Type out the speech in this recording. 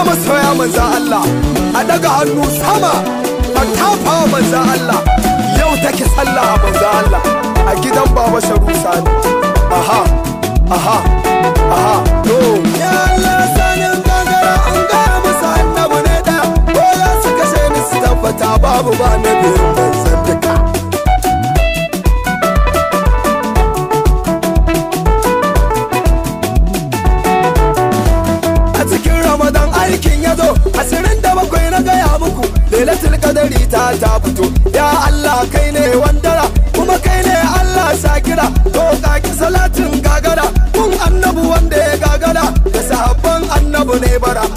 ina masoya manza Allah a daga hannu sama a tafa manza Allah yau take sallah a manza Allah a gidan baba sharu sani aha aha aha no ya an musu da ko kashe ni su tabbata babu ba lailatul qadari ta ta fito ya Allah kai ne wandara kuma kai ne Allah sakira to kaki salatin gagara kun annabu wanda ya gagara da sahabban annabu ne bara